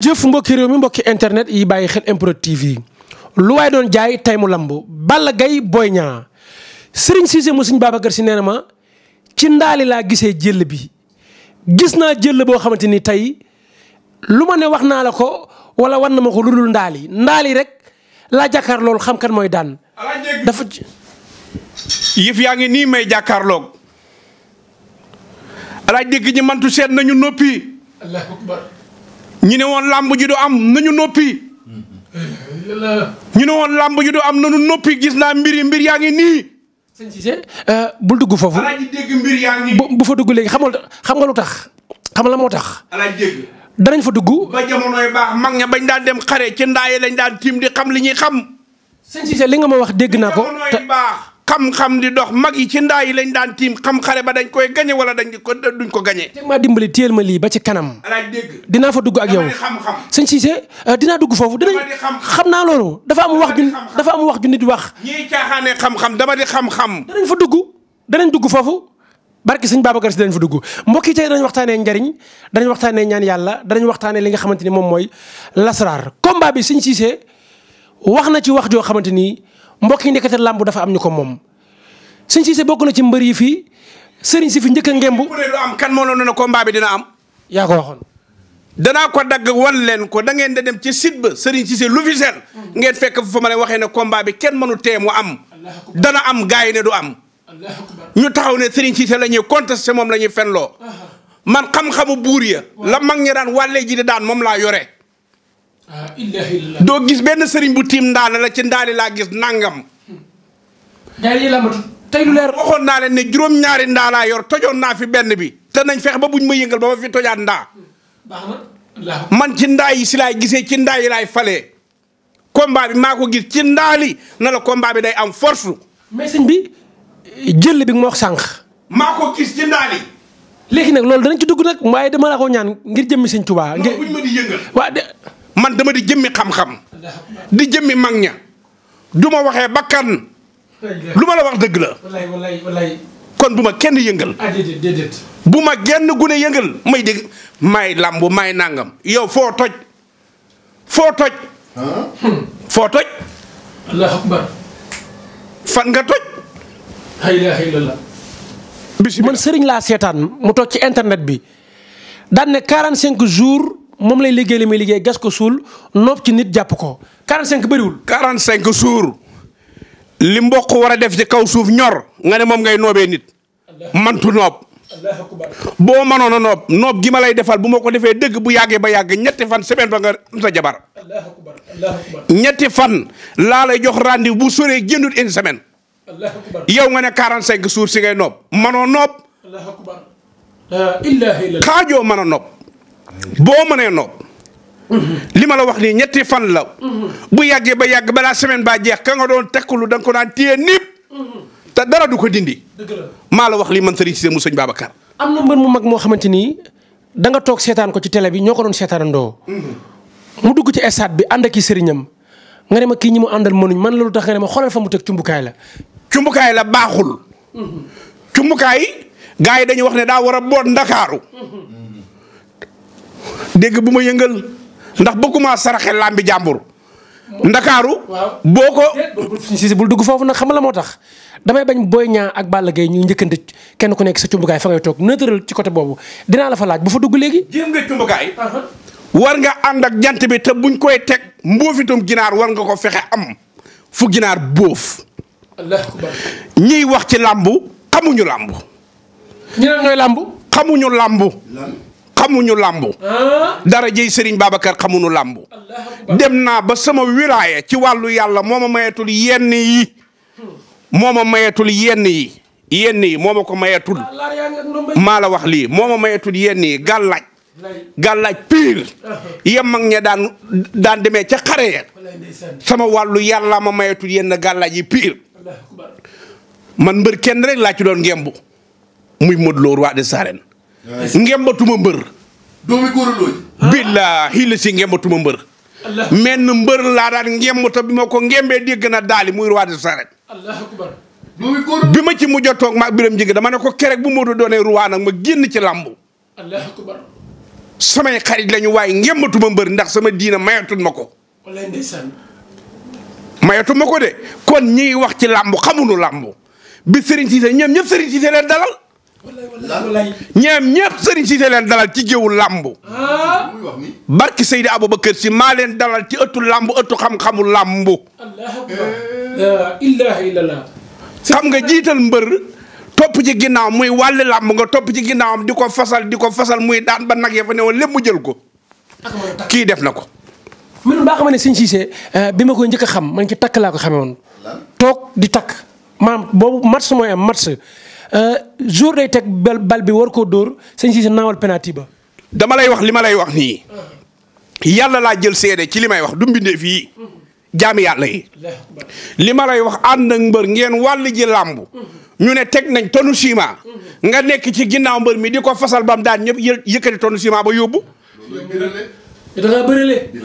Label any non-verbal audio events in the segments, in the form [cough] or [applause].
jëf mbokki réew mi mbokki internet yi bàyyi xel MPROD TV lu waaye doon jaay tey mu lamb Balla Gaye Boy Niang Serigne Cissé mu Serigne Babacar Sy nee na ma ci ndaali laa gisee jëll bi gis naa jëll boo xamante ni tey lu ma ne wax naa la ko wala wan na ma ko lu dul ndaali ndaali rek laa jàkkaar loolu xam kan mooy daan dafa yëf yaa ngi nii may jàkkaarloog alaaj dégg mantu seet nañu noppi ñu ne woon làmb ji du am nañu noppi. ñu ne woon làmb ji du am nañu noppi gis naa mbir yi mbir yaa ngi nii. sëñ Cissé euh, bul dugg foofu. alaaji dégg mbir yaa bu fa dugg léegi xam nga xam nga lu tax xam la moo tax. alaaji danañ fa dugg. ba jamonoy baax mag ña bañ daan dem xare ci ndaaye lañ daan tiim di xam li ñuy xam. sëñ li nga ma wax dégg naa ko. xam-xam di dox mag yi ci ndaa yi lañ daan tiim xam xare ba dañ koy gañe wala dañ ko duñ ko gañe teg maa dimbali téyel ma lii ba ci kanam alaaj dégg dinaa fa dugg ak yow xam-xam sëñ Cissé euh, dinaa dugg foofu dinañ xam naa loolu dafa am wax ju dafa am wax ju nit wax ñii caaxaane xam-xam dama di xam-xam danañ fa dugg danañ dugg foofu barki sëñ Babacar si danañ fa dugg mbokk yi tey danañ waxtaanee njariñ danañ waxtaanee ñaan yàlla danañ waxtaanee li nga xamante ni moom mooy lasraar combat bi sëñ Cissé wax na ci wax joo xamante ni mbokk yi ndekete làmb dafa am ñu ko moom sëñ Cissé bokk na ci mbër yi fii sëriñ si fi njëkk a ngemb. du am kan moo noonu combat bi dina am. yaa ko waxoon. danaa ko dagg wan leen ko da ngeen da dem ci site ba Serigne Cissé lu fi seen ngeen fekk fa ma leen waxee ne combat bi kenn mënu tee mu am. dana am gars yi ne du am. ñu taxaw ne Serigne Cissé la ñuy contesté moom la ñuy fenloo. man xam-xamu buur ya la mag ñi daan wàllee ji di daan moom laa yore. doo gis benn sëriñ bu tiim ndaale la ci ndaali laa gis nangam. tey lu leer naa leen ne juróom-ñaari ndaa laa yor tojoon naa fi benn bi te nañ feex ba buñ ma yëngal ba ma fi tojaat ndaa man ci ndaa yi gisee ci ndaay yi laay falee combat maa ko gis ci ndaali na la combat bi day am force mais sëñ bi jël bi nga ma wax sànq maa ko gis ci ndaali léegi nag loolu danañ ci dugg nag waaye dama laa ko ñaan ngir jëmmi sëñ Tuubaa buñ ma man dama di jëmmi xam-xam di jëmmi mag ña du ma waxee bakkan lu ma la wax dëgg la kon bu ma kenn yëngal ah, bu ma genn gune yëngal may dégg may làmb may nàngam yow foo toj foo toj foo toj allahu fan nga toj la ilaha illallah bisi man sëriñ laa seetaan mu toog ci internet bi daan ne cinq jours moom lay liggéey li muy liggéey gas ko suul nopp ci nit jàpp ko 45 bëriwul. 45 suur li mboq war a def ci kaw suuf ñor nga ne moom ngay noobee nit mantu noob. boo mënoon a noob noob gi ma lay defal bu ma ko defee dëgg bu yàggee ba yàgg ñetti fan semaine ba nga am sa jabar. ñetti fan laa lay jox rendez bu suuree génnut une semaine. yow nga ne 45 suur si ngay noob manoo noob. xaajoo mën a noob. boo mënee nopp li ma la wax nii ñetti fan la bu yàggee ba yàgg balaa semaine ba jeex ka nga doon tekkulu da nga ko daan téye niib te dara du ko dindi maa la wax lii man Serigne Cissé mu sëñ Babacar am na mbër mu mag moo xamante nii da toog seetaan ko ci tele bi ñoo ko doon seetaanandoo mu dugg ci stade bi ànd ak sëriñam nga ne ma kii ñi mu àndal mënuñ man la lu tax nga ne ma xoolal fa mu teg cumbukaay la cumbukaay la baaxul cumbukaay gars yi dañu wax ne daa war a boot ndakaaru dégg bu ma yëngal ndax bokkuma saraxe làmbi jàmbur. ndakaaru boo ko. si bul dugg foofu nag xam la moo tax damay bañ booy Niang ak Balla Gaye ñu njëkkante kenn ku nekk sa cumbukaay fa ngay toog nëtëral ci côté boobu dinaa la fa laaj bu fa dugg léegi. jéem nga cumbukaay. Uh-huh. war nga ànd ak jant bi te buñ koy teg mboofitum ginaar war nga ko fexe am fu ginaar boof. ñiy wax ci làmb xamuñu làmbu. ñeneen làmb xamuñu làmb xamuñu làmb ah? dara jëy Serigne Babacar xamuñu làmb dem naa ba sama wilaaya ci wàllu yàlla moo ma mayeetul yenn yi moo mayeetul yenn yi yenn yi moo ko mayeetul maa wax lii moo ma mayeetul yenn yi piir ah. yem mag ña daan demee ca xare ya sama wàllu yàlla ma mayeetul yenn gàllaaj yi piir man mbër kenn rek laa ci doon ngembu muy Modou Lo roi des arènes ngembatuma mbër doomi góor loo la si ngembatuma mbër menn mbër laa daan ngembata bi ma ko ngembee dégg na daali muy roi de saret bi ma ci mujj toog maag biram jigéen dama ne ko kerek bu Modou doonee roi ma génn ci làmbu samay xarit lañu waaye ngembatuma mbër ndax sama diina mayatul ma ko walaay ma ko de kon ñiy wax ci làmb xamuñu làmb bi Serigne Cissé ñoom ñëpp Serigne Cissé leen dalal ñeem ñëpp Serigne Cissé leen dalal ci géewu làmb barki Seydi Aboubacar si maa leen dalal ci ëttu làmb ëttu xam-xamu làmb xam nga jiital mbër topp ci ginnaaw muy wàll làmb nga topp ci ginnaawam di ko fasal di ko fasal muy daan ba nag ya fa ne woon lépp jël ko kii def na ko man baa xam ne Serigne Cissé eh, bi ma koy njëkk xam man ci takk laa ko xamee woon toog di takk maanaam boobu match mooy am match Euh, jour day teg bal bi war koo dóor sëñ Cissé naawal penalty ba. dama lay wax li ma lay wax nii. yàlla laa jël seede ci li may wax du mbindee fii. jaami yàlla yi. li ma lay wax ànd ak mbër ngeen wàll ji làmb. ñu ne teg nañ tonu ciment. nga nekk ci ginnaaw mbër mi di ko fasal bam daan ñëpp yëkkati tonu ciment ba yóbbu.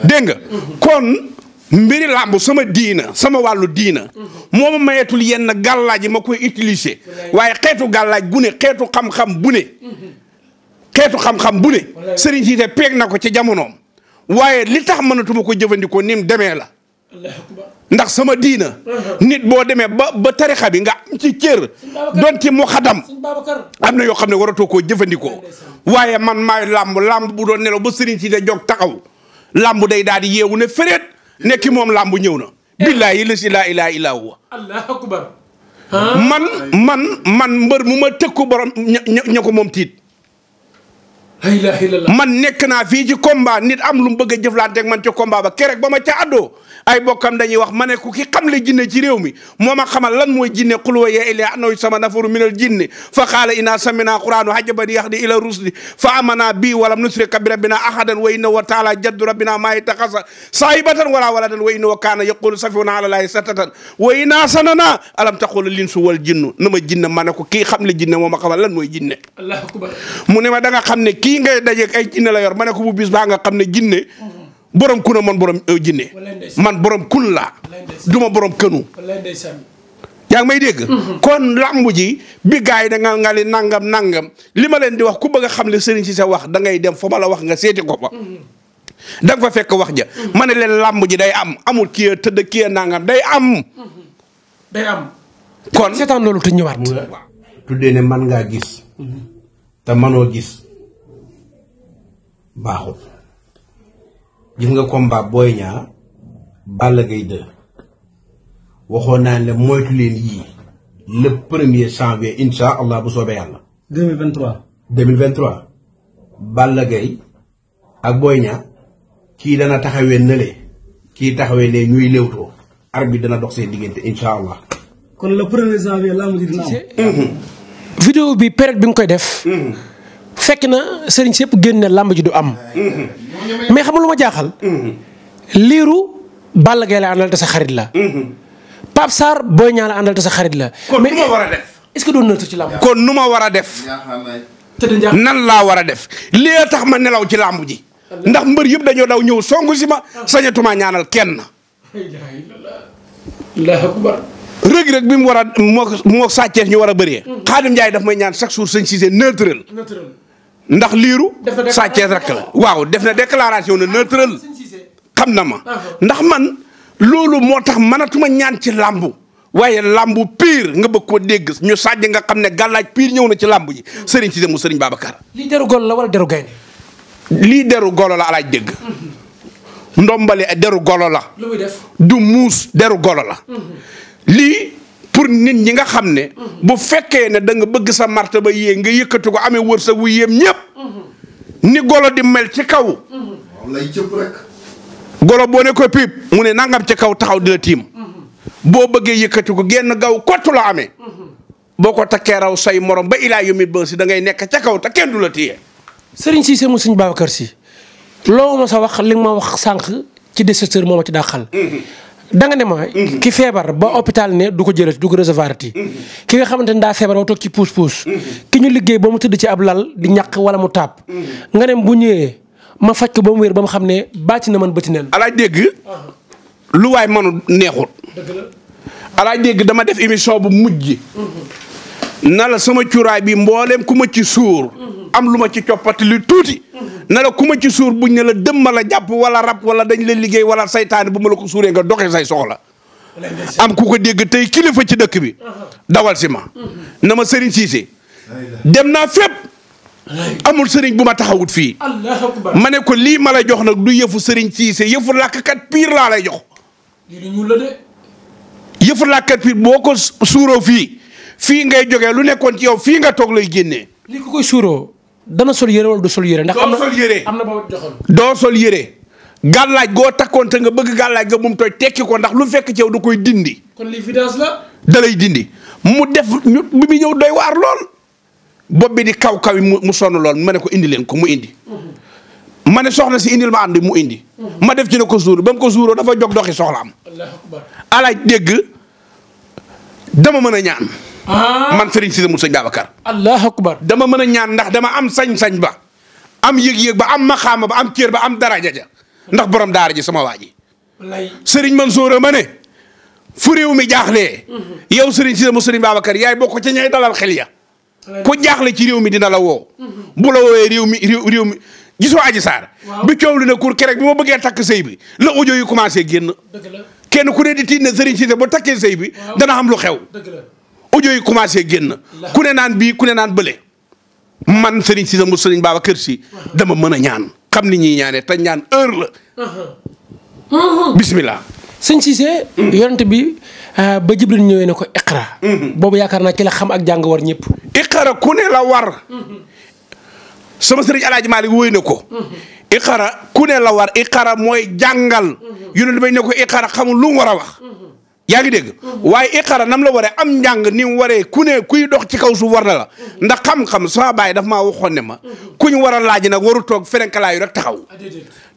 da kon. mbiri làmb sama diina sama wàllu diina mm-hmm. moo ma mayeetul yenn gàllaaj yi ma koy utiliser waaye xeetu gàllaaj bu ne xeetu xam-xam bu ne mm-hmm. xeetu xam-xam bu ne sëriñ Siise peeg na ko ci jamonoom waaye li tax mënatuma ko jëfandikoo ni mu demee la ndax sama diina mm-hmm. nit boo demee ba ba tarixa bi nga am ci cër doon ci mu xadam am na yoo xam ne waratoo koo jëfandikoo waaye man maay làmb làmb bu doon nelaw ba sëriñ Siise jog taxaw làmb day daal di yeewu ne féreet nekki moom làmb ñëw na. Eh. billaay yi la si laa ilaa ilaa allah akbar man man man mbër mu ma tëkku borom ña ko moom tiit. man nekk naa fii ci combat nit am lu mu bëgg a jëflanteeg man ci combat ba kerek ba ma ca addoo ay bokkam dañuy wax ma ne ku ki xam le jinne ci réew mi moo ma xamal lan mooy jinne qul wa yaa ilaa anoy sama nafaru minal jinni fa qaala inna samina qur'aanu ajaban yahdi ila rusdi fa amana bi walam nusrika bi rabbina ahadan wa inna wa taala jaddu rabbina maa ittaxasa saahibatan wala waladan wa inna wa kaana yaqulu safihuna ala laahi satatan wa inna sanana alam taqul linsu wal jinnu na ma jinne ma ne ko kii xam le jinne moo ma xamal lan mooy jinne mu ne ma da nga xam ne kii ngay dajeeg ay jinne la yor ma ne ko bu bis baa nga xam ne jinne borom kuna man borom euh, jinne man borom kun laa duma borom kënu yaa ngi may dégg mhm. kon làmb ji bi gars yi da ngal ngali nangam nangam li ma leen di wax ku bëgg a xam li sëriñ si sa wax dangay dem foo ma la wax nga seeti ko fa mhm. da fa fekk wax ja mhm. ma ne leen làmb ji day am amul kii a tëdd kii a nangam day am day kon seetaan loolu te ñëwaat tuddee ne man ngaa gis te manoo gis baaxul gis nga combat booy Niang Balla Gaye 2 waxoon naa ne moytu leen yii le premier janvier incha allah bu soobee yàlla. 2023. 2023 Balla Gaye ak booy Niang kii dana taxawee nële kii taxawee ne ñuy léwtoo arbitre bi dana dox seen diggante incha allah. kon le premier janvier laa mu dina am. vidéo bi période bi nga koy def. Mhm. fekk na sëriñ si yëpp génn ne làmb ji du am. mais xam lu ma jaaxal. liiru Balla Gaye la àndal te sa xarit la. Pape Sarr Boy Niang la àndal te sa xarit la. kon nu ma war a def est-ce que doon nëttu ci làmb. kon nu ma war a def. nan laa war a def li tax ma nelaw ci làmb ji. ndax mbër yëpp dañoo daw ñëw songu si ma sañatuma ñaanal kenn. allahu akbar. Reug Reug bi mu war a moo moo sàccees ñu war a bëree. Xaadim mm. Njaay daf may ñaan chaque jour sëñ Cissé neutre. neutre. ndax liiru. Sa Thiès rek la waaw def na déclaration na neutral xam na ma ndax man loolu moo tax mënatuma ñaan ci làmbu waaye làmbu pire nga bëgg koo dégg ñu sàjj nga xam ne gàllaaj piir ñëw na ci làmbu ji hmm. sëriñ si mu sëriñ Babacar. lii deru golo la wala deru lii deru golo la alaaj dégg hmm. ndombali deru golo la. lu muy du muus deru golo la hmm. lii. pour nit ñi nga xam ne bu fekkee ne da nga bëgg sa ba yéeg nga yëkkati ko amee sa wuy yéem ñëpp ni golo di mel ci kaw lay golo boo ne ko piip mu ne nangam ci kaw taxaw di tiim boo bëggee yëkkati ko genn gaw kottu la amee boo ko takkee raw say morom ba ilaa yomit ba si da ngay nekk ca kaw te kenn du la téye sëriñ Cissé mu sëñ kër si loo ma sa wax li nga ma wax sànq ci décesseur moo ma ci dàqal mm-hmm. da nga ne ma. Mhm. ki feebar ba hôpital ne du ko jëlati du ko recevoir ti mhm. ki nga xamante ne daa feebar ba toog ci puus puus. Mhm. ki ñu liggéey ba mu tëdd ci ab lal di ñàq wala mu taab. nga ne bu ñëwee ma faj ko ba mu wér ba mu xam ne bàcc na man bëti neen. alaaj dégg ah. lu waay mënu neexut. alaaj dégg dama def émission bu mujj. na la sama cuuraay bi mbooleem ku ma ci suur. am lu ma ci coppati lu tuuti mm-hmm. ne la ku ma ci suur buñ ne la dëmma la jàpp wala rab wala dañ la liggéey wala saytaane bu ma la ko suuree nga doxee say soxla am ku ko dégg tey kilifa ci dëkk bi uh-huh. dawal si ma mm-hmm. na ma sëriñ Cissé dem naa fépp amul sëriñ bu ma taxawut fii ma ne lii ma la jox nag du yëfu sëriñ Cissé yëfu làkkat piir laa lay jox yëfu làkkat piir boo ko suuroo fii fii ngay jógee lu nekkoon ci yow fii nga toog lay génnee li ko koy suuroo dana sol yére wala sol yére. ndax am na doo sol yére am na boobu joxoon. doo sol yére. gàllaaj goo takkoon te nga bëgg gàllaaj ga moom tooy tekki ko ndax lu fekk ci yow da koy dindi. kon lii vidange la. da dindi mu def ñu bi mu ñëw doy waar lool bopp bi di kaw kaw yi mu sonn lool ma ne ko indi leen ko mu indi. Mhm. ma ne soxna si indil ma ànd mu indi. Mhm. ma def ci ne ko suur ba mu ko suuroo dafa jog doxi soxlaam. alaaj dégg dama mën a ñaan. Ah. man Serigne Cissé mu sëñ Babacar. allahu akbar dama mën a ñaan ndax dama am sañ-sañ ba am yëg-yëg ba am maxaama ba am cër ba am daraja ja ndax borom daara ji sama waa ji. wallaay Serigne Mansour ma ne fu réew mi jaaxlee. Mhm. yow Serigne Cissé mu sëñ Babacar yaay bokk ca ñay dalal xel ya. ku jaaxle ci réew mi dina la woo. Mhm. bu la woowee réew mi réew mi gisoo Adji Sarr. bi coow li ne kur kerek bi ma bëggee takk sëy bi la audio yu commencé génn. kenn ku ne di tiit ne Serigne Cissé bu takkee sëy bi. dana am lu xew. audio yi commencé génn ku ne naan bii ku ne naan bële man Serigne Cissé mu Serigne Babacar Sy dama mën a ñaan xam ni ñuy ñaanee te ñaan heure uh-huh. bismillah sëñ Cissé mm. yonent bi euh, ba Jibril ñëwee ne ko iqra mm-hmm. boobu yaakaar naa ki la xam ak jàng war ñëpp iqra ku ne la mm-hmm. ko mm-hmm. iqara ku la war iqara mooy jàngal yonent bay ne ko iqara xamul lu war a wax yaa ngi dégg mhm. waaye xara nam la waree am njàng ni waree ku ne kuy dox ci kaw suuf war na la mhm. ndax xam-xam sama baay daf maa waxoon ne ma mhm. kuñ war a laaj nag waru toog ferenkalaayu rek taxaw ah,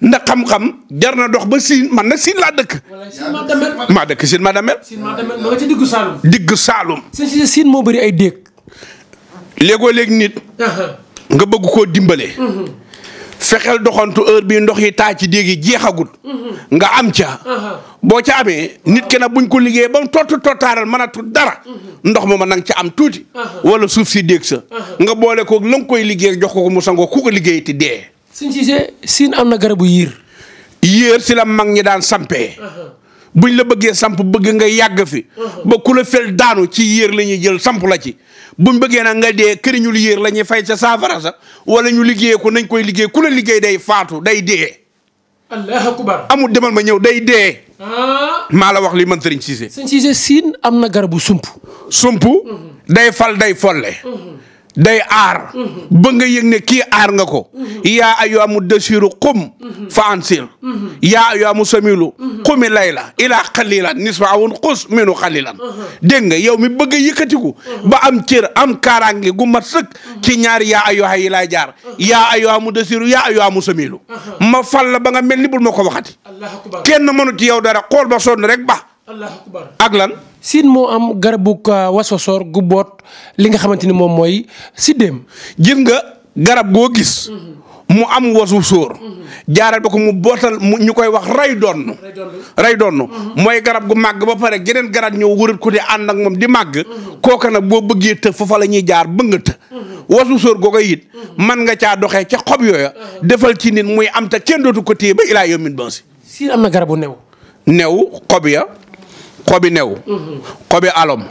ndax xam-xam jar na dox ba siin man nag siin laa dëkk maa dëkk siin ma damel diggu saalum digg saalum siin moo bëri ay déeg léegoo léegi nit nga bëgg koo dimbale fexeel doxantu heure bii ndox yi taa ci déeg yi jeexagut nga am ca boo ca amee nit ke nag buñ ko liggéey ba mu tott tottaaral mën dara ndox ma nang ca am tuuti wala suuf si déeg sa nga boole ko la nga koy liggéey jox ko ko mu sangoo ku ko liggéey ti dee suñ Cissé siin am na garabu yiir yéer si la mag ñi daan sampee buñ la bëggee samp bëgg nga yàgg fi ba ku la fel daanu ci yéer la ñuy jël samp la ci buñ bëggee nag nga dee këriñu yéer la ñuy fay ca saafara sa wala ñu liggéey ko nañ koy liggéey ku la liggéey day faatu day dee. allahu amul demal ma ñëw day dee. Ah. maa la wax lii man Serigne Cissé. Serigne Cissé siin am na garabu sump. sump mhm. day fal day folle. Mhm. day aar. ba nga kii aar nga ko. yaa ayyuha muddasiru qum. fa ansir. yaa amu musamilu. qumi layla ilaa qalilan nisfa awun qus minu qalilan. dégg nga yow mi bëgg a yëkkatiku. ba am cer am kaaraange gu mat sëkk. ci ñaari yaa ayyuha yi laa jaar. yaa ayyuha muddasiru yaa ayyuha musamilu. ma fal la ba nga mel ni bul ma ko waxati. kenn mënu ti yow dara xool ba sonn rek ba. ak lan. siin moo am garabug euh, wasosoor gu boot li nga xamante ni moom mooy siddéem gis nga garab goo gis mhm. mu am wasu sóor mhm. jaarale ko mu bootal mu ñu koy wax ray donn ray donn mhm. mooy garab gu màgg ba pare geneen garab ñëw wërat ko di ànd ak moom di màgg kooka nag boo bëggee të fa fa la ñuy jaar bëgg të wasu sóor googa yit man nga caa doxee ca xob yooya defal ci nit muy am te kenn dootu ko téye ba ilaa yomin bansi siin am na garabu new new xob ya xobi new xobi aloom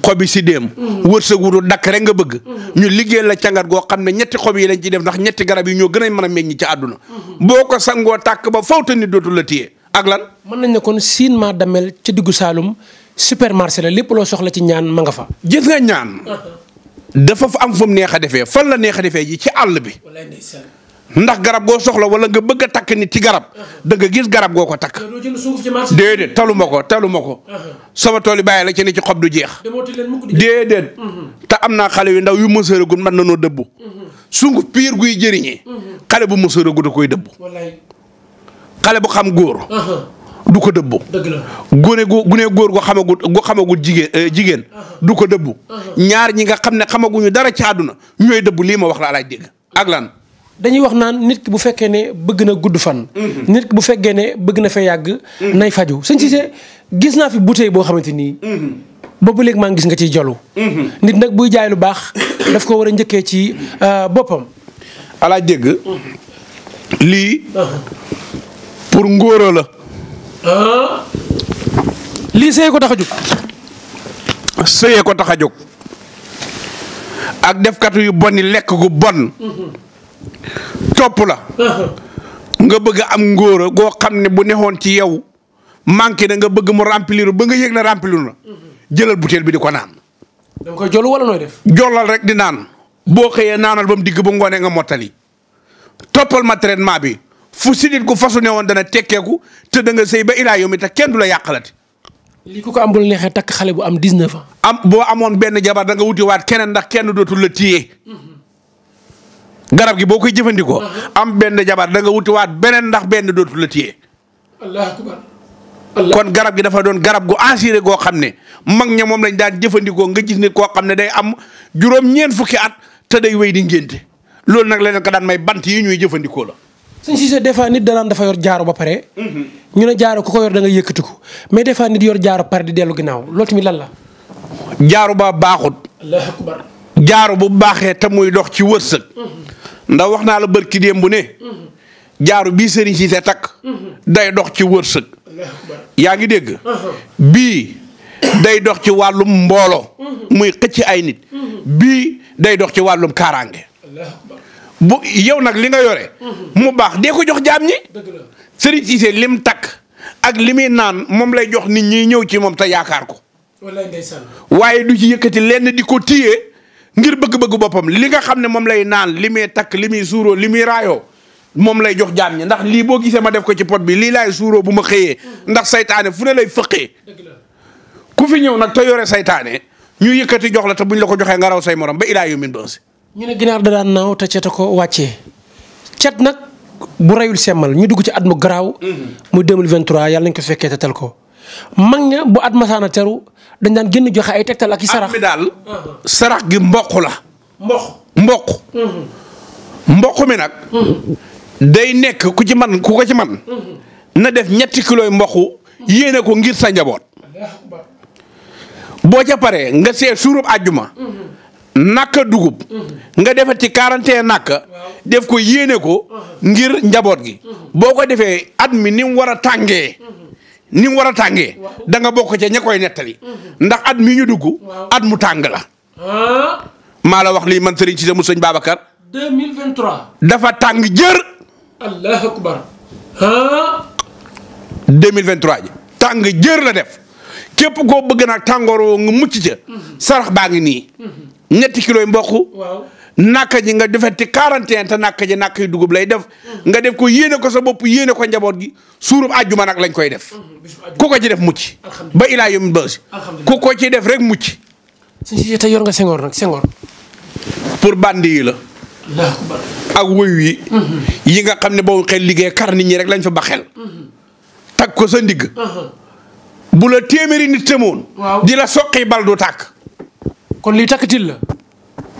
xobi sidéem wërsëguru dakk rek nga bëgg ñu liggéey la cangat goo xam ne ñetti xob yi lañ ci def ndax ñetti garab yi ñoo gën a mën a meññ ci àdduna boo ko sangoo tàkk ba fawta ni dootu la téye ak lan mën nañ ne kon siin maa damel ci diggu Saalum supermarché la lépp loo soxla ci ñaan ma nga fa gis nga ñaan [laughs] dafa am fu mu neex a defee fan la neex a defee ji ci àll bi ndax garab goo soxla wala nga bëgg takk nit ci garab da nga gis garab goo ko takk. déedéet talu ma ko talu ma ko. Uh-huh. soma tool yi bàyyi la ci ne ci xob du jeex. déedéet. Uh-huh. te am naa xale yu ndaw yu mësërëgul mën na noo dëbbu. Uh-huh. sunguf piir guy jëriñee. xale bu mësërëgu da koy dëbbu. xale bu xam góor. du ko dëbbu. dëgg la gune gune góor gu xamagut gu xamagut jigéen eh, jigéen. du ko dëbbu. ñaar ñi nga xam ne xamaguñu dara ci àdduna ñooy dëbbu lii ma wax la alaaj dégg ak lan. dañuy wax naan nit ki bu fekkee ne bëgg na gudd fan. Mhm. nit ki bu fekkee ne bëgg na fee yàgg. Mhm. nay faju sëñ Cissé gis naa fi bouteille boo xamante nii mhm. boobu léegi maa ngi gis nga ciy jolu nit nag buy jaay lu baax [coughs] daf ko war a njëkkee ci euh, boppam. alaa dégg lii. Uh-huh. pour ngóora la. Uh-huh. lii sëyee ko tax a jóg. sëyee ko tax a jóg. ak defkatu yu bon yi lekk gu bon. Uh-huh. topp la. nga bëgg am ngóora goo xam ne bu neexoon ci yow manqué na nga bëgg mu remplir ba nga yëg na remplir na. Mhm. jëlal butéel bi di ko naan. da nga koy jollu wala nooy def. jollal rek di naan. boo xëyee naanal ba mu digg ba ngoonee nga mottali. toppal ma traitement bi fu sidit gu fasu ne dana tekkeeku te da nga sëy ba ilaa yow mi te kenn du la yàqalati. li ku ko am bu la neexee takk xale bu am 19 ans. am boo amoon benn jabar da nga wuti waat keneen ndax kenn dootul la téye. Mhm. garab gi boo koy jëfandikoo am benn jabar da nga wutiwaat beneen ndax benn dootu la kon garab gi dafa doon garab gu assuré goo xam ne mag ña moom lañ daan jëfandikoo nga gis nit koo xam ne day am juróom-ñeent fukki at te day wéy di ngénte loolu nag leneen ko daan may bant yi ñuy jëfandikoo la. suñ si des fois nit danaan dafa yor jaaro ba pare. Mm-hmm. ñu ne jaaro ku ko yor da nga yëkkati ko mais des fois nit yor jaaro pare di dellu ginnaaw loolu tamit lan la. jaaro ba baaxut. allahu baaxee te muy dox ci wërsëg. Mm-hmm. ndax wax naa la bërki démb bu ne. jaaru bii sëriñ si takk. day dox ci wërsëg. yaa ngi dégg. bii day dox ci wàllum mbooloo. muy xëcc ay nit. bii day dox ci wàllum kaaraange. bu yow nag li nga yore. mu baax dee ko jox jaam ñi. sëriñ si se lim takk ak li muy naan moom lay jox nit ñi ñëw ci moom te yaakaar ko. waaye du ci yëkkati lenn di ko téye. ngir bëgg-bëgg boppam li nga xam ne moom lay naan li muy takk li muy suuroo li muy raayoo moom lay jox jaam ñi ndax lii boo gisee ma def ko ci pot bi lii laay suuroo bu ma xëyee ndax saytaane fu ne lay fëqee ku fi ñëw nag te yore saytaane ñu yëkkati jox la te bu ñu la ko joxee nga raw say morom ba ilaa yu min si ñu ne ginaar da daan naaw te ceta ko wàcce cet nag bu rayul semmal ñu dugg ci at mu garaaw mhm. muy 2023 yàlla nañ ko fekkee te ko mag ña bu at dañ daan génn joxe ay tegtal ak i sarax daal uh-huh. sarax gi mboq la mboq mboq uh-huh. mboq mi nag uh-huh. day nekk ku ci man ku ko ci man na def ñetti kiloy mboqu yéene ko ngir sa njaboot boo ca paree nga seet suurub àjjuma naka dugub nga defat ci quarante et naka def ko yéene ko ngir njaboot gi boo ko defee at mi ni mu war a tàngee ni war a tàngee da nga bokk ca ña koy nettali mm-hmm. ndax at mi ñu dugg at mu tàng la. Ah. maa la wax lii man Serigne ci mu sëñ Babacar. 2023. dafa tàng jër. allahu akbar. 2023 tàng jër la def képp koo bëgg nag tàngoor woo nga mucc ca. Mm-hmm. sarax baa ngi nii. Mm-hmm. ñetti kilo yi mboq. waaw. nàkk ji nga defati quarante et un te ji nàkk yi dugub lay def nga def ko yéene ko sa bopp yéene ko njaboot gi suurub àjjuma nag lañ koy def ku ko ci def mucc ba ilaa yom basi ku ko ci def rek mucc suñ si tey yor nga sengoor nag sengoor pour bandi yi la ak wëyu yi mhm. yi nga xam ne boo xel liggéey kar nit ñi rek lañ fa ba xel mhm. tag ko sa ndigg mhm. bu la téeméeri nit tëmoon di la soqi bal du tàkk kon lii takkatil la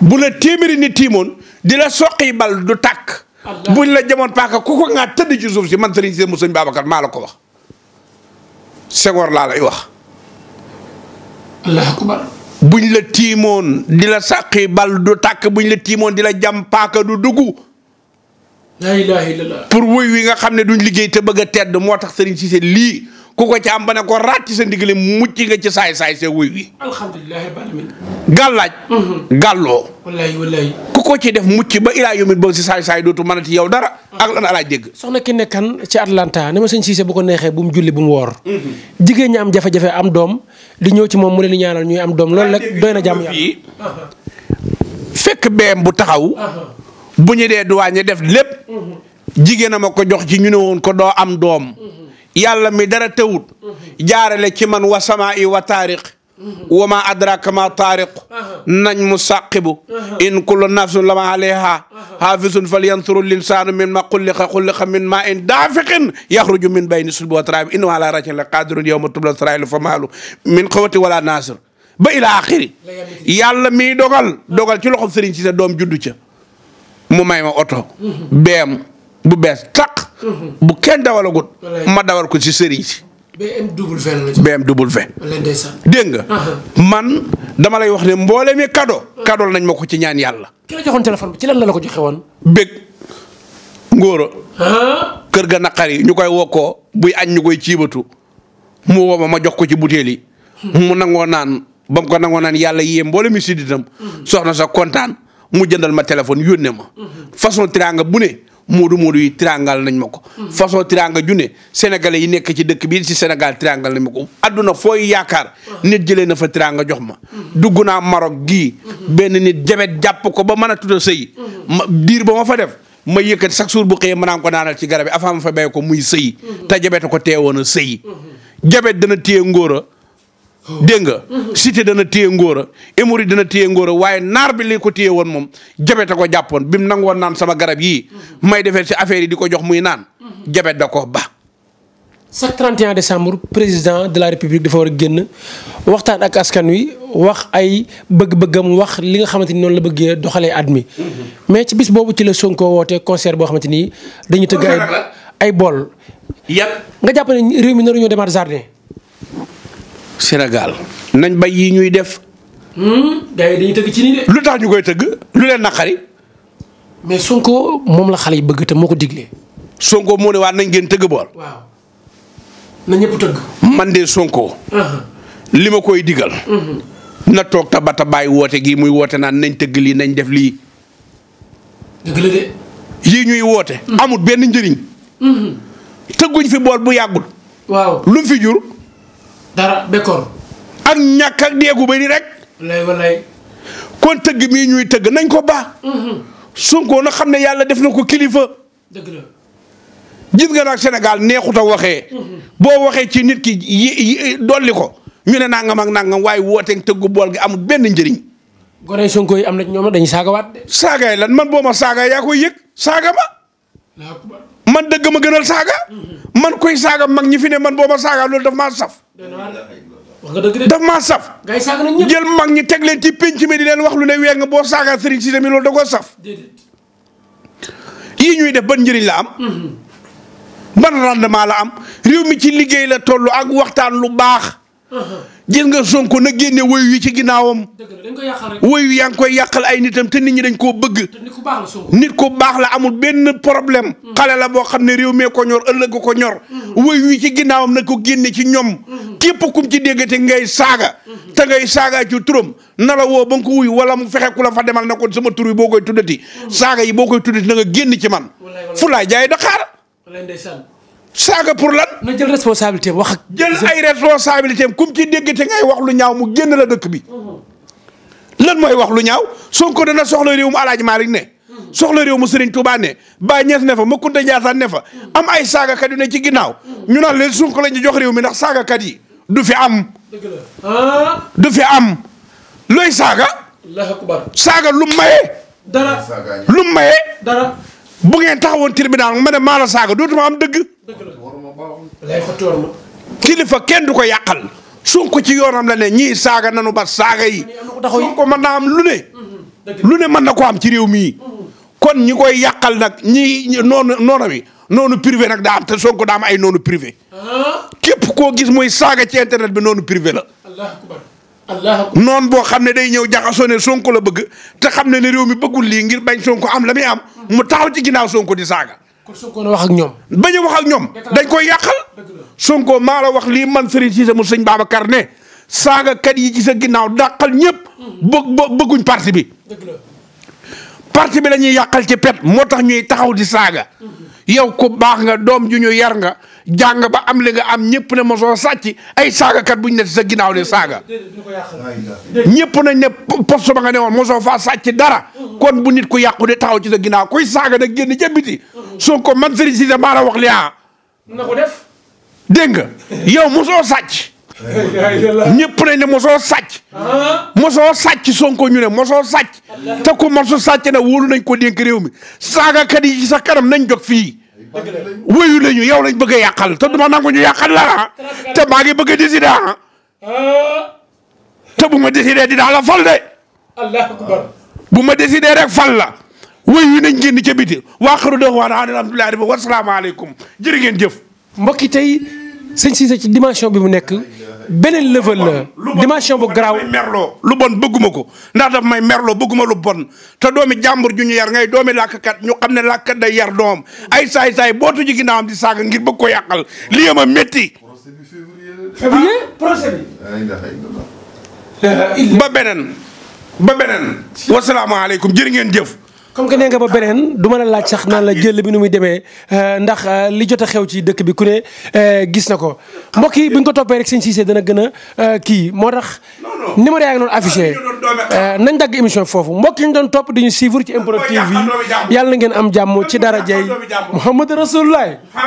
bu la téeméeri nit tiimoon di la soqi bal du tàkk. buñ la jamoon paaka ku ko ngaa tëdd ci si man sëriñ si mu sëñ Babacar maa la ko wax. Senghor laa lay wax. buñ la tiimoon di la soqi bal du tàkk buñ la tiimoon di la jam paaka du dugg. la ilaha illallah. pour wuy wi nga xam ne duñ liggéey te bëgg tedd moo tax sëriñ si lii. ku ko ci am ba ne ko raat ci sa ndigale mucc nga ci saay saay sa wuy wi. alhamdulilah gàllaaj. Mhm. gàlloo. wallaay wallaay. ku ko ci def mucc ba ilaa yomit ba si saay saay dootu mën a ci yow dara. ak lan alaaj dégg. soxna ki nekkan ci Atlanta ne ma sëñ Cissé bu ko neexee bu mu julli bu mu woor. Mhm. jigéen ñi am jafe-jafe am doom di ñëw ci moom mu leen di ñaanal ñuy am doom loolu nag doy na jàmm yàlla. fekk beem bu taxaw. Uh-huh. bu ñu dee duwaañ def lépp. Mhm. jigéen a ko jox ci ñu ne woon ko doo am doom. yàlla mi dara tëwut mhm. jaarale ci man wa samaa'i wa taariq mhm. wa ma adraka ma taariq mhm. nañ mu sàqibu in kullu nafsin lama alayha haafizun falyanthuru linsaanu mimma xulliqa xulliqa min ma in daafiqin yaxruju min bayni sulbi wa taraib innahu ala raj'in la qadirun yawma tubla sarairu fa maalu min quwwati wala nasir ba ila axiri yàlla mi dogal dogal ci loxob sëriñ si sa doom juddu ca mu may ma oto beem bu bees taq bu kenn dawalagut. ma dawal ko ci sëriñ si. BMW la ci. BMW. dégg nga. man dama lay wax ne mbooleemi cadeau. cadeau nañ ma ko ci ñaan yàlla. ki la joxoon bi ci lan la ko joxe woon. bég kër ga naqari ñu koy wokkoo buy añ ñu koy ciibatu mu woo ma ma jox ko ci butéel yi. mu nangoo naan ba mu ko nangoo naan yàlla yee mi sidditam hmm. soxna sa kontaan mu jëndal ma téléphone yónnee ma. Hmm. façon tiraanga bu ne. muudu moodu yi triangal nañ ma ko. façon triangal junne sénégalais yi nekk ci dëkk bii si Sénégal triangal nañ ma ko adduna foo yaakaar. nit jëlee na fa triangal jox ma. dugg naa Maroc gii. benn nit jabet jàpp ko ba mën a tudd sëy. ma diir ba ma fa def. ma yëkkati chaque jour bu xëyee ma naan ko naanal ci garab yi avant ma fa béy ko muy sëyi. te jabet ko teewoon a sëyi. jabet dana téye ngóora. dégg nga. cité dana téye ngóor a émori dana téye ngóor waaye naar bi li ko téye woon moom jabet a ko jàppoon bi mu nangoo naan sama garab yii. may defee si affaire yi di ko jox muy naan. jabet da ko ba. sa 31 décembre président de la république dafa war a génn waxtaan ak askan wi wax ay bëgg-bëggam wax li nga xamante ni noonu la bëggee doxalee at mi. mais ci bis boobu ci la Sonko wootee concert boo xamante ni dañu tëgg ay ay bool. yàpp nga jàpp ne réew mi naru ñoo demaat Sénégal nañ ba yi ñuy def. Hmm? gars tëgg ci lu tax ñu koy tëgg lu leen naqari. mais Sonko moom la xale yi bëgg te moo ko diglee. Sonko moo ne waat nañ geen tëgg bool. waaw na ñëpp tëgg. man de Sonko. Uh-huh. li ma koy digal. Uh-huh. na toog ta ba ta woote gii muy woote naan nañ tëgg lii nañ def lii. dëgg ñuy woote. Hmm. amul benn njëriñ. Hmm. tëgguñ fi bool bu yàggul. lu mu fi jur. dara bekkoor. ak ñàkk ak deegu bëri rek. lay walay. kon tëgg mii ñuy tëgg nañ ko baax. Mm-hmm. Sonko na xam ne yàlla def na ko kilifa. dëgg la. gis nga nag Sénégal neexut a waxee. Mm-hmm. boo waxee ci nit ki yi dolli ko ñu ne nangam ak nangam waaye wooteeg tëggu bool gi amut benn njëriñ. gone Sonko yi am na ñoom dañuy saagawaat de. saagaay lan man boo ma saaga yaa koy yëg saaga ma. man dëgg ma gënal saaga. Mm-hmm. man koy saaga mag ñi fi ne man boo ma saaga loolu daf maa saf. wax nga dëgg de. daf maa saf. ngay saaga nañ ñëpp jël mag ñi teg leen ci penc mi di leen wax lu ne weer nga boo saaga Serigne si mi loolu da koo saf. yii ñuy def ban njëriñ la am. Mm-hmm. ban rendement la am réew mi ci liggéey la toll ak waxtaan lu baax. gis nga sonko na génne woyu yi ci ginnaawam. woyu yaa ngi koy yàqal ay nitam te nit ñi dañ koo bëgg. nit ku baax la amul benn problème. Mm-hmm. xale la boo xam ne réew mee ko ñor ëllëg ko ñor. Mm-hmm. woyu yi ci ginnaawam na ko génne ci ñoom. Mm-hmm. képp kum ci déggate ngay saaga. ta ngay saaga ci turam na la ba nga ko wuyu wala mu fexe ku la fa demal na ko sama tur yi boo koy tuddati. saaga yi boo koy tuddati na nga génn ci man. fu laay jaay Dakar. saaga pour lan. na jël responsabilité wax ak. jël ay responsabilité am kum ci dégg te ngay wax lu ñaaw mu génn la dëkk bi. lan mooy wax lu ñaaw Sonko dana soxla réew mu Alaaji Maalik ne. soxla réew mu Serigne Touba ne Baye Niass ne fa Makunta Ndiassane ne fa am ay saagakat yu ne ci ginnaaw ñu naan leen Sonko lañ jox réew mi ndax saagakat yi du fi am. Ah. du fi am looy saaga. allahu saaga lu maye. dara lu maye. dara. bu ngeen taxawoon tribunal ma ne maa saaga dootuma am dëgg. kilifa kenn du ko yàqal. Sonko ci yoonam la ne ñii saaga nanu ba saaga yi. Sonko mën naa am lu ne. lu ne mën na ko am ci réew mii. kon ñi koy yàqal nag ñii noonu noonu bi noonu privé nag daa am te Sonko daa ay noonu privé. képp koo gis mooy saaga ci internet bi noonu privé la. noon boo xam ne day ñëw jaxasoo ne Sonko la bëgg te xam ne ne réew mi bëggul lii ngir bañ Sonko am la muy am. mu taxaw ci ginnaaw Sonko di saaga. kon Sonko na wax ak ñoom. ba ñu wax ak ñoom dañ koy yàqal. Sonko maa la wax lii man Serigne Cissé mu sëñ karne saaga kat yi ci sa ginnaaw dàqal ñëpp. Hmm. bëgg bëgguñ parti bi. parti bi la yàqal ci pet moo tax ñuy taxaw di saaga. Hmm. yow ku baax nga doom ju ñu yar nga. jàng ba am li nga am ñëpp ne mosoo sàcc ay saagakat buñ ne sa ginaaw ne saaga ñëpp nañ ne poste ba nga ne woon mosoo faa sàcc dara kon bu nit ku yàqu de taxaw ci sa ginnaaw kuy saaga nag génn ca biti soo ko man Serigne Cissé maa la wax li ah na ko def dégg nga yow mosoo sàcc ñëpp nañ ne mosoo sàcc ah. mosoo sàcc Sonko ñu ne mosoo sàcc te ku mosu sàcc na wóolu nañ ko dénk réew mi saagakat yi ci sa kanam nañ jóg fii woy wuyu lañu yow lañ bëgg a yàqal te duma nangu ñu yàqal la te maa ngi bëgg a ah. Ah. te bu ma décider dinaa la fal de. allahu ma décider rek fal la. wuyu nañ génn ca biti waa xaru dox waa alhamdulilah wa wasalaamaaleykum jërë ngeen jëf. mbokk yi tey sëñ Cissé ci dimension bi mu nekk. beneen level la dimension graaw garaaw lu bon bëgguma ko ndax daf may merlo bëgguma lu bon te doomi jàmbur ju ñu yar ngay doomi làkkat ñu xam ne làkkat day yar doom ay saay saay bootu ji ginnaawam di saaga ngir bëgg ko yàqal lii ma métti février ah? procès bi ba beneen ba beneen wasalaamaaleykum jërë ngeen jëf comme que nee nga ba beneen du mën a laaj sax naan la jël bi nu muy demee euh, ndax euh, li jot a xew ci dëkk bi ku ne euh, gis na ko mbokk yi bu ñu ko toppee rek sëñ Cissé dana gën a kii moo tax numéro yaa ngi doon affiché nañ dagg émission foofu mbokk yi ñu doon topp di ñu suivre ci MPROD TV yàlla na ngeen am jàmm ci dara jey Mouhamadou Rasulullah